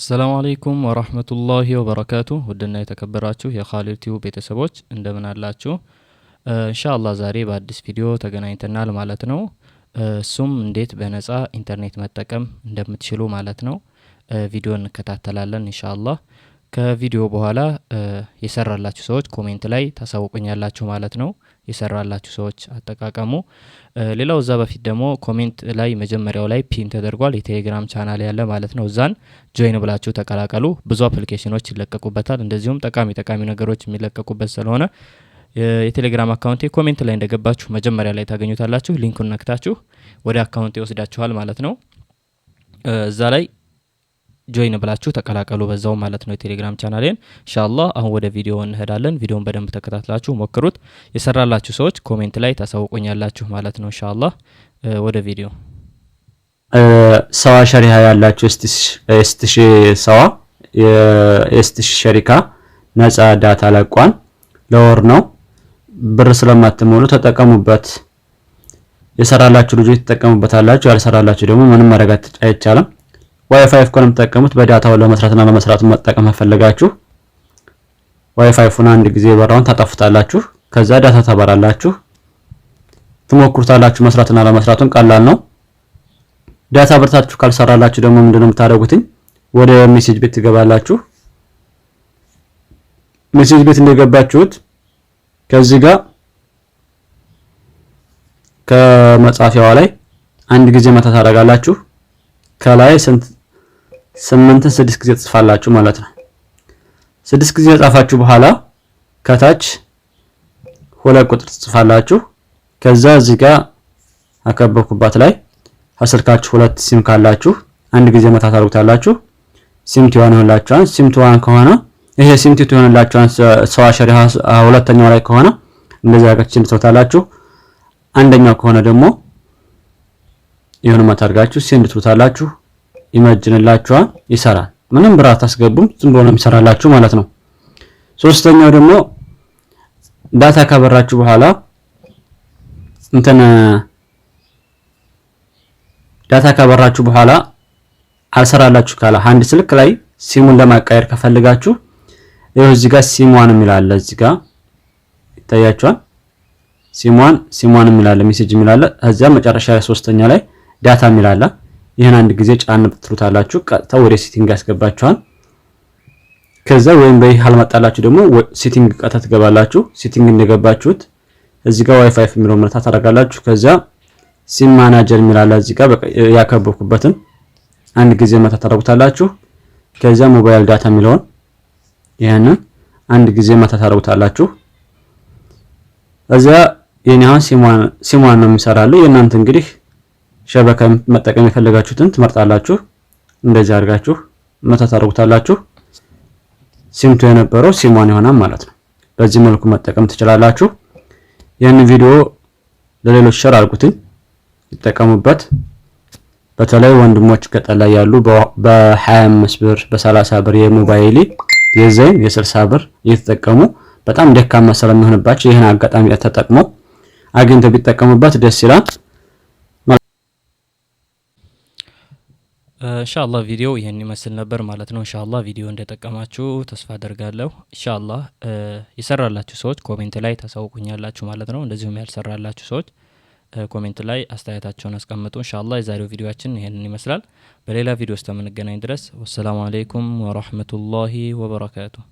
አሰላሙ አለይኩም ወራህመቱላሂ ወበረካቱ ውድና የተከበራችሁ የካሊድ ቲዩብ ቤተሰቦች እንደምን አላችሁ? እንሻአላ ዛሬ በአዲስ ቪዲዮ ተገናኝተናል ማለት ነው። እሱም እንዴት በነጻ ኢንተርኔት መጠቀም እንደምትችሉ ማለት ነው። ቪዲዮ እንከታተላለን እንሻአላህ። ከቪዲዮ በኋላ የሰራላችሁ ሰዎች ኮሜንት ላይ ታሳውቁኛላችሁ ማለት ነው። የሰራላችሁ ሰዎች አጠቃቀሙ። ሌላው እዛ በፊት ደግሞ ኮሜንት ላይ መጀመሪያው ላይ ፒን ተደርጓል የቴሌግራም ቻናል ያለ ማለት ነው። እዛን ጆይን ብላችሁ ተቀላቀሉ። ብዙ አፕሊኬሽኖች ይለቀቁበታል፣ እንደዚሁም ጠቃሚ ጠቃሚ ነገሮች የሚለቀቁበት ስለሆነ የቴሌግራም አካውንቴ ኮሜንት ላይ እንደገባችሁ መጀመሪያ ላይ ታገኙታላችሁ። ሊንኩን ነክታችሁ ወደ አካውንቴ ይወስዳችኋል ማለት ነው። እዛ ላይ ጆይን ብላችሁ ተቀላቀሉ በዛው ማለት ነው የቴሌግራም ቻናሌን ኢንሻአላህ። አሁን ወደ ቪዲዮ እንሄዳለን። ቪዲዮን በደንብ ተከታትላችሁ ሞክሩት። የሰራላችሁ ሰዎች ኮሜንት ላይ ታሳውቁኛላችሁ ማለት ነው ኢንሻአላህ። ወደ ቪዲዮ ሰዋ ሸሪሃ ያላችሁ ኤስትሺ ሰዋ የኤስትሺ ሸሪካ ነጻ ዳታ ለቋን ለወር ነው። ብር ስለማትሞሉ ተጠቀሙበት። የሰራላችሁ ልጆች ተጠቀሙበታላችሁ፣ ያልሰራላችሁ ደግሞ ምንም ማረጋት አይቻልም። ዋይፋይ ከሆነ የምትጠቀሙት በዳታው ለመስራትና ለመስራት መጠቀም ከፈለጋችሁ ዋይፋይ አንድ ጊዜ በራውን ታጠፉታላችሁ። ከዛ ዳታ ታበራላችሁ፣ ትሞክሩታላችሁ። መስራትና ለመስራቱን ቀላል ነው። ዳታ ብርታችሁ ካልሰራላችሁ ደግሞ ምንድነው የምታደርጉትኝ? ወደ ሜሴጅ ቤት ትገባላችሁ። ሜሴጅ ቤት እንደገባችሁት ከዚህ ጋር ከመጻፊያዋ ላይ አንድ ጊዜ መታ ታደርጋላችሁ። ከላይ ስንት ስምንትን ስድስት ጊዜ ትጽፋላችሁ ማለት ነው። ስድስት ጊዜ ጻፋችሁ በኋላ ከታች ሁለት ቁጥር ትጽፋላችሁ። ከዛ እዚህ ጋር አከበብኩባት ላይ ከስልካችሁ ሁለት ሲም ካላችሁ አንድ ጊዜ መታ ታርጉታላችሁ። ሲምት ይሆንላችኋል። ሲምት ዋን ከሆነ ይሄ ሲምቲቱ ይሆንላችኋል። ሰው አሸሪ ሁለተኛው ላይ ከሆነ እንደዚህ አድርጋችሁ ትሰውታላችሁ። አንደኛው ከሆነ ደግሞ ይሁን መታርጋችሁ ሲም ትሉታላችሁ። ይመጅንላችኋል፣ ይሰራል። ምንም ብር አታስገቡም፣ ዝም ብሎ ነው የሚሰራላችሁ ማለት ነው። ሶስተኛው ደግሞ ዳታ ካበራችሁ በኋላ እንትን ዳታ ካበራችሁ በኋላ አልሰራላችሁ ካለ አንድ ስልክ ላይ ሲሙን ለማቀየር ከፈልጋችሁ ይኸው እዚህ ጋር ሲሙዋን የሚላለ እዚህ ጋር ይታያችኋል። ሲሙዋን ሲሙዋን የሚላለ ሜሴጅ የሚላለ እዚያ መጨረሻ ላይ ሶስተኛ ላይ ዳታ የሚላለ ይህን አንድ ጊዜ ጫን ብትሉታላችሁ፣ ቀጥታ ወደ ሴቲንግ ያስገባችኋል። ከዛ ወይም በይህ አልመጣላችሁ ደግሞ ሴቲንግ ቀጥታ ትገባላችሁ። ሴቲንግ እንደገባችሁት እዚህ ጋር ዋይፋይ የሚለው መርታ ታደርጋላችሁ። ከዛ ሲም ማናጀር የሚላለ እዚህ ጋር ያከበብኩበትን አንድ ጊዜ መታ ታደርጉታላችሁ። ከዛ ሞባይል ዳታ የሚለውን ይህንን አንድ ጊዜ መታ ታደርጉታላችሁ። እዚያ የኔ አሁን ሲሟን ነው የሚሰራሉ የእናንተ እንግዲህ ሸበካ መጠቀም የፈለጋችሁትን ትመርጣላችሁ። እንደዚህ አድርጋችሁ መታ ታደርጉታላችሁ። ሲምቱ የነበረው ሲሟን ይሆናል ማለት ነው። በዚህ መልኩ መጠቀም ትችላላችሁ። ይህን ቪዲዮ ለሌሎች ሸር አድርጉትኝ ይጠቀሙበት። በተለይ ወንድሞች ገጠር ላይ ያሉ በ25 ብር በ30 ብር የሞባይል የዘይን የ60 ብር እየተጠቀሙ በጣም ደካማ ስለሚሆንባቸው ይህን አጋጣሚ ተጠቅመው አግኝተው ቢጠቀሙበት ደስ ይላል። እንሻላ ቪዲዮ ይህን ይመስል ነበር ማለት ነው። እንሻላ ቪዲዮ እንደጠቀማችሁ ተስፋ አደርጋለሁ። እንሻላ የሰራላችሁ ሰዎች ኮሜንት ላይ ታሳውቁኛላችሁ ማለት ነው። እንደዚሁም ያልሰራላችሁ ሰዎች ኮሜንት ላይ አስተያየታቸውን አስቀምጡ። እንሻላ የዛሬው ቪዲዮችን ይህንን ይመስላል። በሌላ ቪዲዮ እስከምንገናኝ ድረስ ወሰላሙ አሌይኩም ወረህመቱላሂ ወበረካቱ።